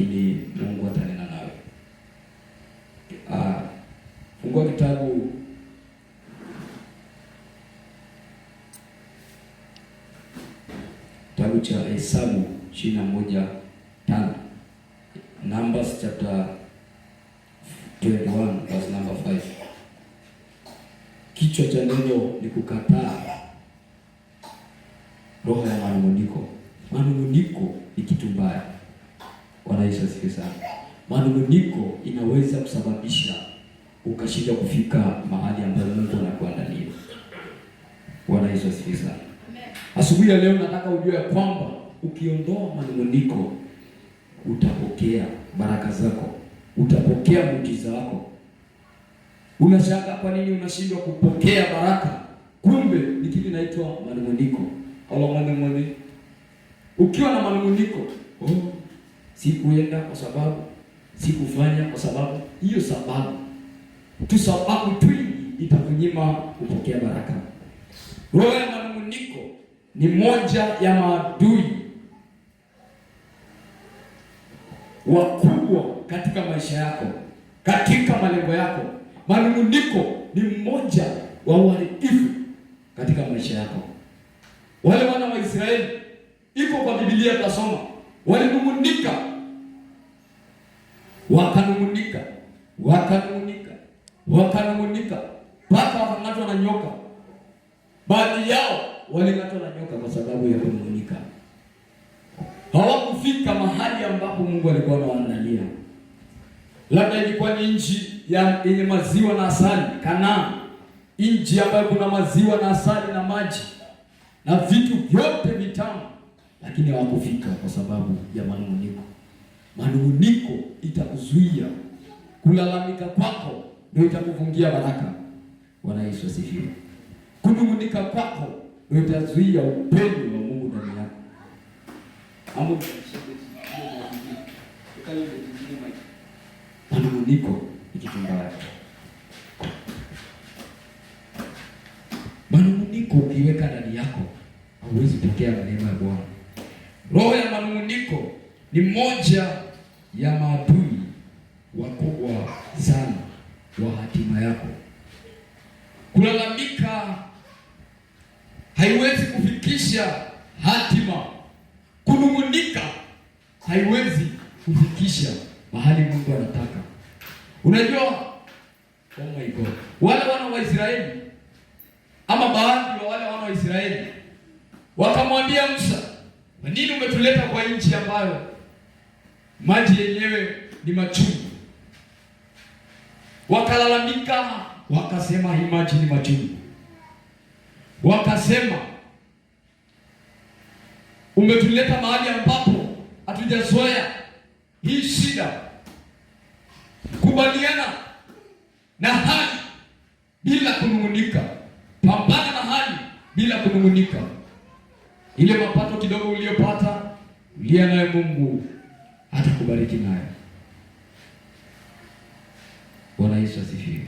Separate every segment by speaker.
Speaker 1: lakini Mungu atanena nawe. Ah, fungua kitabu kitabu cha Hesabu ishirini na moja tano Numbers chapter 21 verse number 5. Kichwa cha neno ni kukataa roho ya manunguniko. Manunguniko ni kitu mbaya. Bwana Yesu asifiwe sana. Manunguniko inaweza kusababisha ukashindwa kufika mahali ambapo Mungu anakuandalia. Bwana Yesu asifiwe sana. Asubuhi ya leo nataka ujue ya kwamba ukiondoa manunguniko utapokea baraka zako, utapokea muujiza wako. Unashaka kwa nini unashindwa kupokea baraka? Kumbe ni kitu inaitwa manunguniko. Ukiwa na manunguniko oh. Sikuenda kwa sababu sikufanya kwa sababu hiyo, sababu tu, sababu tu itakunyima kupokea baraka. Roho ya manunguniko ni moja ya maadui wakubwa katika maisha yako, katika malengo yako. Manunguniko ni mmoja wa uharibifu katika maisha yako. Wale wana wa Israeli, iko kwa Biblia tasoma, walinungunika wakanung'unika, wakanung'unika, wakanung'unika mpaka wakang'atwa na nyoka. Baadhi yao waling'atwa na nyoka kwa sababu ya kunung'unika. Hawakufika mahali ambapo Mungu alikuwa anawaandalia. Labda ilikuwa ni nchi yenye maziwa na asali, Kanaani, nchi ambayo kuna maziwa na asali na maji na vitu vyote vitamu, lakini hawakufika kwa sababu ya manung'uniko manunguniko itakuzuia, kulalamika kwako ndio itakuvungia baraka. Bwana Yesu asifiwe. Kunungunika kwako ndio itazuia upendo wa Mungu ndani yako. Manunguniko ni moja ya maadui wakubwa sana wa hatima yako. Kulalamika haiwezi kufikisha hatima, kunung'unika haiwezi kufikisha mahali Mungu anataka. Unajua, oh my God, wale wana wa Israeli ama baadhi wa wale wana wa Israeli wakamwambia Musa, kwa nini umetuleta kwa nchi ambayo maji yenyewe ni machungu. Wakalalamika wakasema, hii maji ni machungu, wakasema umetuleta mahali ambapo hatujazoea hii shida, kubaliana na hali bila kunung'unika, pambana na hali bila kunung'unika. Ile mapato kidogo uliyopata, ulia naye Mungu hata kubariki nayo. Bwana Yesu asifiwe.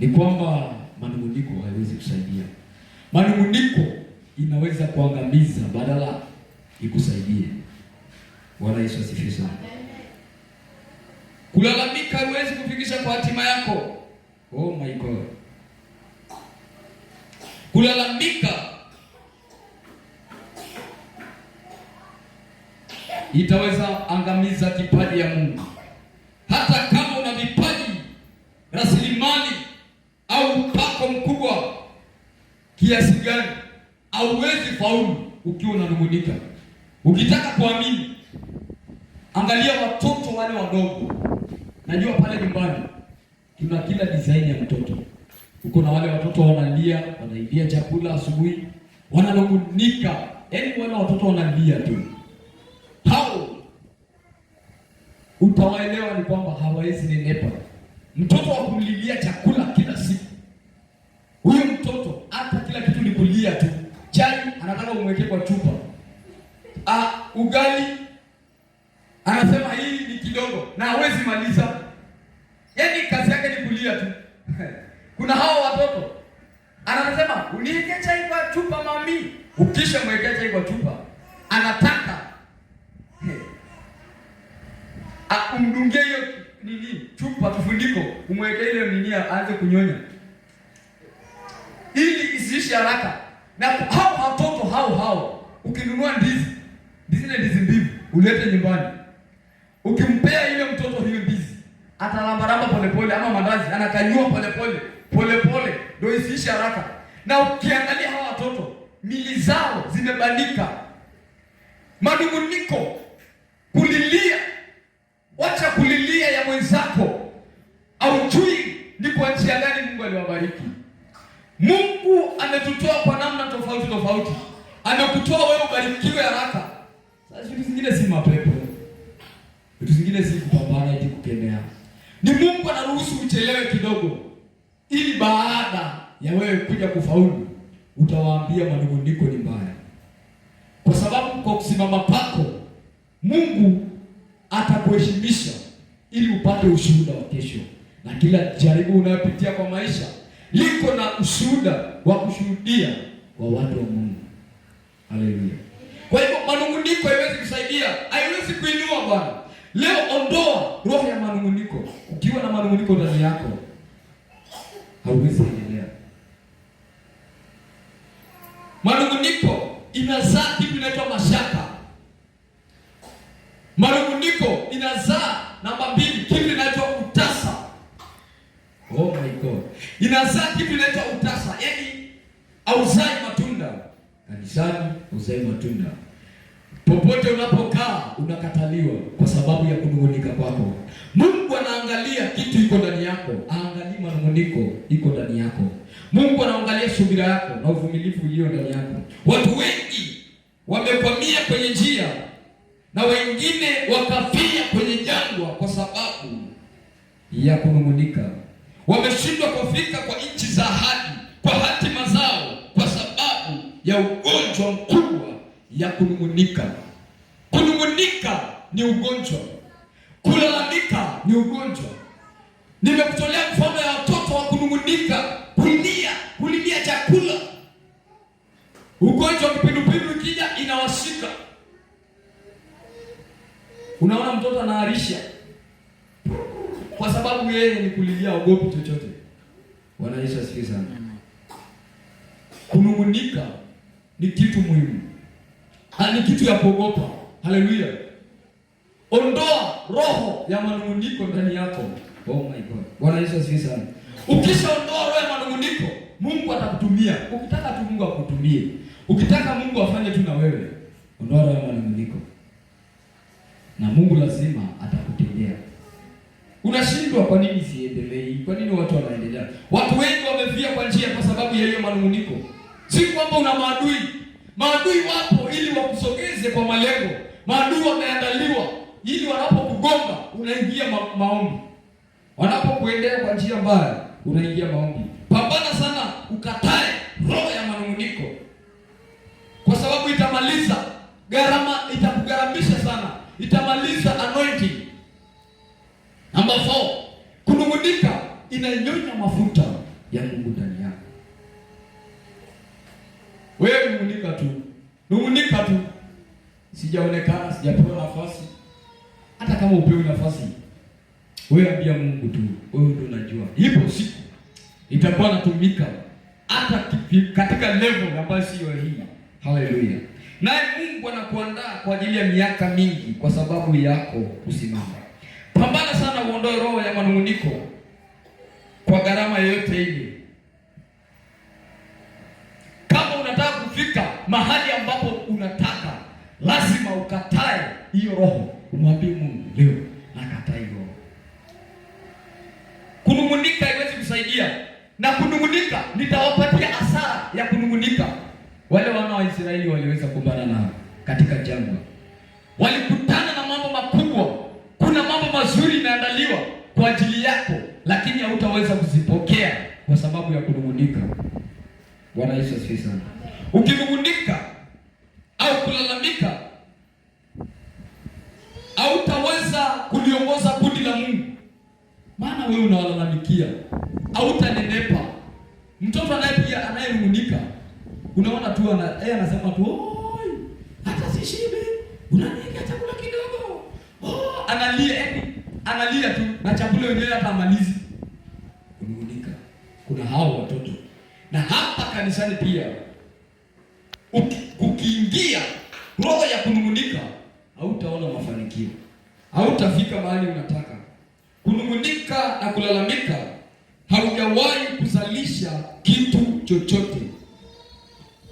Speaker 1: Ni kwamba manunguniko haiwezi kusaidia. Manunguniko inaweza kuangamiza badala ikusaidie. Bwana Yesu asifiwe sana. Kulalamika haiwezi kufikisha kwa hatima yako. Oh my God. Kulalamika itaweza angamiza kipaji ya Mungu. Hata kama una vipaji, rasilimali au upako mkubwa kiasi gani, hauwezi faulu ukiwa unanung'unika. Ukitaka kuamini, angalia watoto wale wadogo. Najua pale nyumbani tuna kila design ya mtoto. Uko na wale watoto wanalia, wanailia chakula asubuhi, wananung'unika, yaani wale watoto wanalia tu hao utawaelewa ni kwamba hawawezi nenepa. Mtoto wa kumlilia chakula kila siku, huyu mtoto hata kila kitu ni kulia tu. Chai anataka umwekee kwa chupa, ah, ugali anasema hii ni kidogo na hawezi maliza, yaani kazi yake ni kulia tu. Kuna hao watoto anasema uniweke chai kwa chupa mami, ukisha mwekee chai kwa chupa anataka umdungie hiyo nini chupa kifundiko, umweke ile nini aanze kunyonya ili isiishi haraka. Na hao watoto hao hao, ukinunua ndizi ndizi na ndizi mbivu ulete nyumbani, ukimpea ile mtoto hiyo ndizi atalambaramba polepole, ama mandazi anakanyua polepole polepole, ndio isiishi haraka. Na ukiangalia hao watoto mili zao zimebanika, manunguniko, kulilia kulilia ya mwenzako aujui ni kwa njia gani Mungu aliwabariki. Mungu ametutoa kwa namna tofauti tofauti, amekutoa wewe ubarikiwe haraka. Sasa vitu zingine si mapepo, vitu zingine si kupambana eti kukemea, ni Mungu anaruhusu uchelewe kidogo, ili baada ya wewe kuja kufaulu utawaambia manunguniko ni mbaya, kwa sababu kwa kusimama pako Mungu atakuheshimisha ili upate ushuhuda wa kesho, na kila jaribu unayopitia kwa maisha liko na ushuhuda wa kushuhudia kwa watu wa Mungu. Haleluya! Kwa hivyo manunguniko haiwezi kusaidia, haiwezi kuinua Bwana. Leo ondoa roho ya manunguniko. Ukiwa na manunguniko ndani yako, hauwezi endelea. Manunguniko inazaa uzae matunda. Popote unapokaa unakataliwa kwa sababu ya kunung'unika kwako. Mungu anaangalia kitu iko ndani yako, aangalii manung'uniko iko ndani yako. Mungu anaangalia subira yako na uvumilivu ulio ndani yako. Watu wengi wamekwamia kwenye njia na wengine wakafia kwenye jangwa kwa sababu ya kunung'unika. Wameshindwa kufika kwa nchi za ahadi, kwa hatima zao ya ugonjwa mkubwa ya kunung'unika. Kunung'unika ni ugonjwa, kulalamika ni ugonjwa. Nimekutolea mfano ya watoto wa kunung'unika, kulia, kulilia chakula. Ugonjwa kipindupindu ikija inawashika, unaona mtoto anaarisha kwa sababu yeye ni kulilia, ogopi chochote. Bwana Yesu asifiwe sana. Kunung'unika ni kitu muhimu, ni kitu ya kuogopa. Haleluya! Ondoa roho ya manunguniko ndani yako. Oh my God, Bwana Yesu asifiwe sana. Ukishaondoa roho ya manunguniko, Mungu atakutumia. Ukitaka tu Mungu akutumie, ukitaka Mungu afanye tu na wewe, ondoa roho ya manunguniko na Mungu lazima atakutendea. Unashindwa, kwa nini siendelei? Kwa nini watu wanaendelea? Watu wengi wamefia kwa njia, kwa sababu ya hiyo manunguniko. Si kwamba una maadui. Maadui wapo ili wakusogeze kwa malengo. Maadui wameandaliwa ili wanapokugonga unaingia ma maombi, wanapokuendea kwa njia mbaya unaingia maombi. Pambana sana, ukatae roho ya manunguniko, kwa sababu itamaliza gharama, itakugharamisha sana, itamaliza anointing. Namba 4 kunungunika inanyonya mafuta ya Mungu ndani yako. Wewe numunika tu, numunika tu, sijaonekana, sijapewa nafasi. Hata kama upewe nafasi, wewe ambia Mungu tu, wewe ndio unajua. Ipo siku itakuwa natumika hata katika level ambayo siyo hii. Haleluya! Naye Mungu anakuandaa kwa ajili ya miaka mingi kwa sababu yako kusimama. Pambana sana uondoe roho ya manunguniko kwa gharama yoyote ile. mahali ambapo unataka, lazima ukatae hiyo roho, umwambie Mungu leo nakataa hiyo roho. Kunung'unika haiwezi kusaidia, na kunung'unika nitawapatia hasara ya kunung'unika. Wale wana wa Israeli waliweza kumbana na katika jangwa, walikutana na mambo makubwa. Kuna mambo mazuri imeandaliwa kwa ajili yako, lakini hautaweza kuzipokea kwa sababu ya kunung'unika. Bwana Yesu asifiwe sana ukimgundika au kulalamika, hautaweza kuliongoza kundi la Mungu, maana wewe unawalalamikia, hautanenepa. Mtoto anayepiga anayenung'unika, unaona tu ana- yeye anasema tu hata sishibe, unaniwekea chakula kidogo. Oh, analia yaani analia tu na chakula wenyewe hata amalizi kunung'unika. Kuna hao watoto na hapa kanisani pia ukiingia roho ya kunung'unika, hautaona mafanikio, hautafika mahali unataka. Kunung'unika na kulalamika haujawahi kuzalisha kitu chochote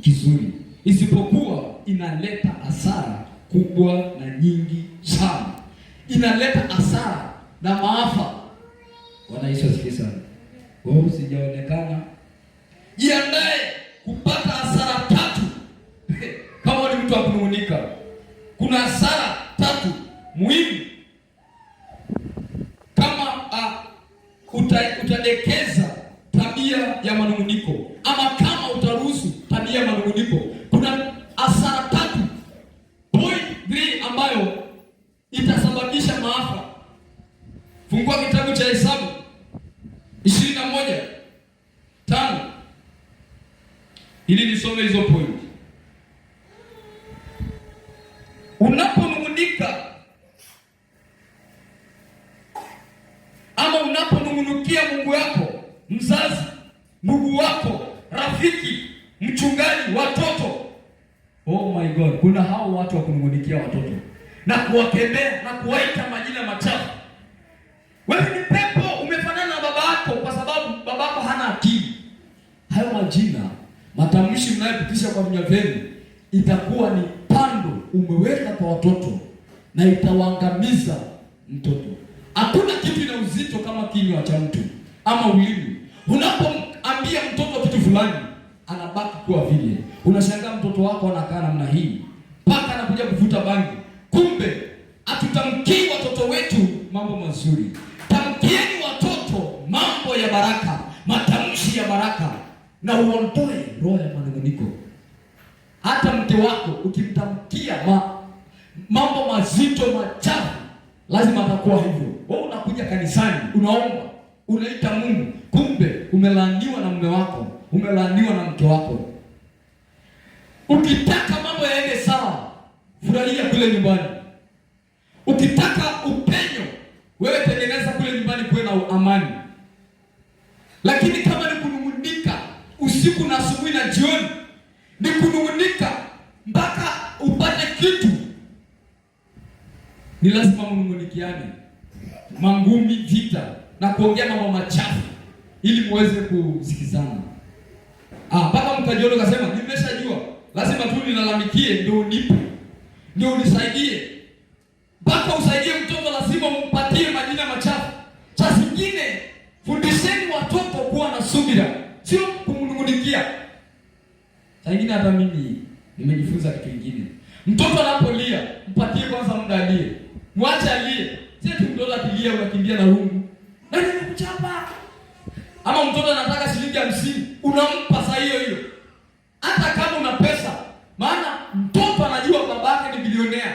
Speaker 1: kizuri, isipokuwa inaleta hasara kubwa na nyingi sana, inaleta hasara na maafa. Bwana Yesu asifiwe sana. Wewe usijaonekana, jiandae kuna hasara tatu muhimu kama uh, ah, utadekeza tabia ya manunguniko ama kama utaruhusu tabia ya manunguniko, kuna hasara ah, tatu point three ambayo itasababisha maafa. Fungua kitabu cha Hesabu ishirini na moja tano ili nisome hizo point. Unaponung'unika ama unaponung'unikia Mungu yako, mzazi, ndugu wako, rafiki, mchungaji, watoto, oh my God, kuna hao watu wa kunung'unikia watoto na kuwakemea na kuwaita majina machafu. Wewe ni pepo, umefanana na baba yako, kwa sababu baba yako hana akili. Hayo majina, matamshi mnayopitisha kwa vinywa vyenu itakuwa ni umeweka kwa watoto na itawaangamiza mtoto. Hakuna kitu ina uzito kama kinywa cha mtu ama ulimi. Unapoambia mtoto kitu fulani, anabaki kuwa vile. Unashangaa mtoto wako anakaa namna hii mpaka anakuja kuvuta bangi, kumbe hatutamkii watoto wetu mambo mazuri. Tamkieni watoto mambo ya baraka, matamshi ya baraka, na uondoe roho ya manunguniko. Hata mke wako ukimtamkia ma, mambo mazito machafu lazima atakuwa hivyo. Wewe unakuja kanisani, unaomba, unaita Mungu, kumbe umelaaniwa na mume wako, umelaaniwa na mke wako. Ukitaka mambo yaende sawa, furahia kule nyumbani. Ukitaka upenyo, wewe tengeneza kule nyumbani, kuwe na amani. Lakini kama ni kunung'unika usiku na asubuhi na jioni ni kunung'unika mpaka upate kitu, ni lazima mnung'unikiane, mangumi, vita na kuongea mambo machafu ili muweze kusikizana ah, mpaka mkajiona kasema nimeshajua lazima tu nilalamikie ndio unipe ndio unisaidie. Mpaka usaidie mtoto lazima mpatie majina machafu. Cha zingine, fundisheni watoto kuwa na subira, sio kumnung'unikia. Lakini hata mimi nimejifunza kitu kingine. Mtoto anapolia, mpatie kwanza muda alie. Mwache alie. Sio tu mtoto akilia unakimbia na rungu. ni kuchapa. Ama mtoto anataka shilingi hamsini, unampa saa hiyo hiyo. Hata kama una pesa, maana mtoto anajua babake ni bilionea.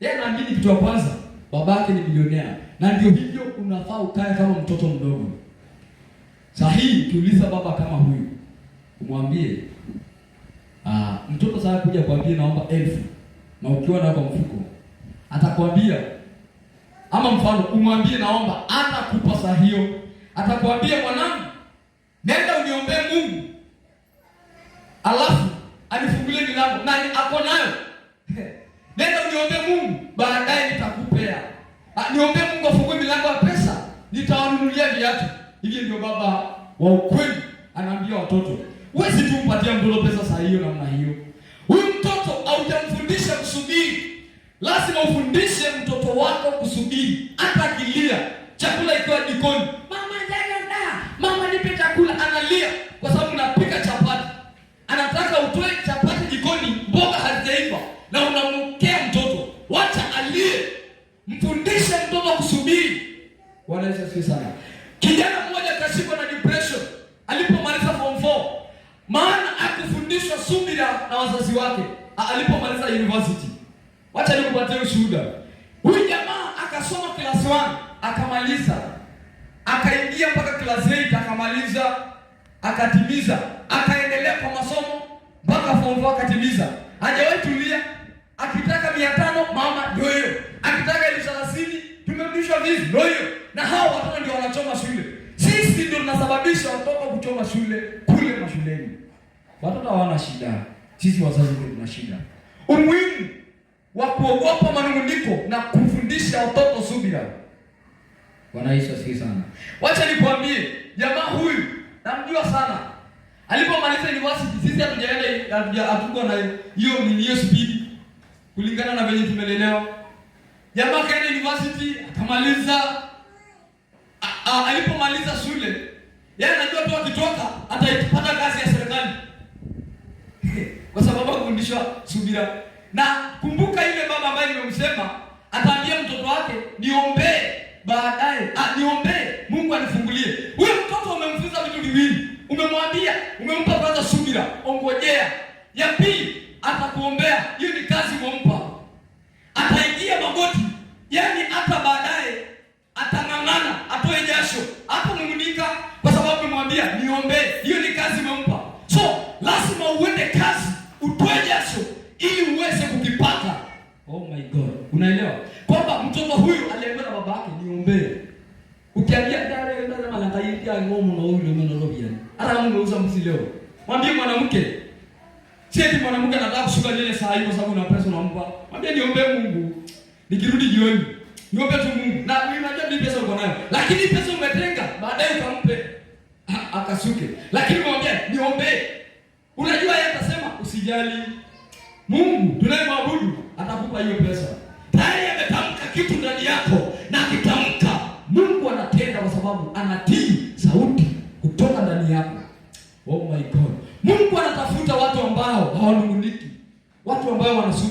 Speaker 1: Yeye anaamini kitu ya kwanza, babake ni bilionea. Na ndio hivyo unafaa ukae kama mtoto mdogo. Sahihi, kiuliza baba kama huyu. Umwambie Ah, mtoto sasa kuja kuambia naomba elfu na ukiwa kwa mfuko atakwambia, ama mfano umwambie naomba, atakupa saa hiyo, atakwambia mwanangu, nenda uniombee Mungu, alafu anifungulie milango na ako nayo nenda uniombee Mungu, baadaye nitakupea. Ah, niombee Mungu afungue milango ya pesa, nitawanunulia viatu. Hivi ndio baba wa ukweli anaambia watoto. Huwezi tu mpatia mbulo pesa saa hiyo namna hiyo. Huyu mtoto haujamfundisha kusubiri, lazima ufundishe mtoto wako kusubiri. Hata akilia chakula ikiwa jikoni, mama jana, mama nipe chakula, analia kwa sababu napika chapati, anataka utoe chapati jikoni, mboga hazijaiva na unamkea mtoto, wacha alie. Mfundishe mtoto kusubiri. Wanaweza sana kijana subira na wazazi wake alipomaliza university. Wacha nikupatie ushuhuda. Huyu jamaa akasoma class 1 akamaliza, akaingia mpaka class 8 akamaliza, akatimiza, akaendelea kwa masomo mpaka form 4 akatimiza. Hajawahi tulia, akitaka 500 mama ndio hiyo, akitaka elfu thelathini tumerudishwa vizi ndio hiyo. Na hao watoto ndio wanachoma shule, sisi ndio tunasababisha watoto kuchoma shule kule mashuleni. Watoto hawana shida, sisi wazazi ndio tuna shida. Umuhimu wa kuogopa manung'uniko na kufundisha watoto subira. Bwana Yesu asifiwe sana. Wacha nikwambie, jamaa huyu namjua sana. Alipomaliza university, sisi hatujaenda hatuko na hiyo ni hiyo speed kulingana na vile tumelelewa. Jamaa kaenda university akamaliza, alipomaliza shule, yeye anajua tu akitoka ataipata kazi ya serikali kwa sababu akufundishwa subira. Na kumbuka ile baba ambaye nimemsema ataambia mtoto wake niombee baadaye, ah, niombee Mungu anifungulie. Huyo mtoto umemfunza vitu viwili, umemwambia, umempa kwanza subira, ongojea. Ya pili atakuombea, hiyo ni kazi umempa, ataingia magoti, yani hata baadaye atang'ang'ana, atoe jasho, hatamumunika kwa sababu umemwambia niombee, hiyo ni kazi umempa. ili uweze kukipata. Oh my God, unaelewa kwamba mtoto huyu aliambiwa na baba yake, niombee. Ukiambia dare dare ya ngomo na huyu mwana robia, hata mngeuza mzi leo, mwambie mwanamke, Cheti mwanamke anataka kushuka nywele saa hiyo, sababu una pesa unampa, mwambie niombee Mungu, nikirudi jioni niombe tu Mungu, na mimi najua ni pesa uko nayo, lakini pesa umetenga, baadaye ukampe akasuke, lakini mwambie niombe. Unajua yeye atasema usijali Mungu tunayemwabudu atakupa hiyo pesa. Tayari ametamka kitu ndani yako, na kitamka Mungu anatenda, kwa sababu anatii sauti kutoka ndani yako. Oh my God, Mungu anatafuta watu ambao hawanung'uniki, watu ambao wanasubiri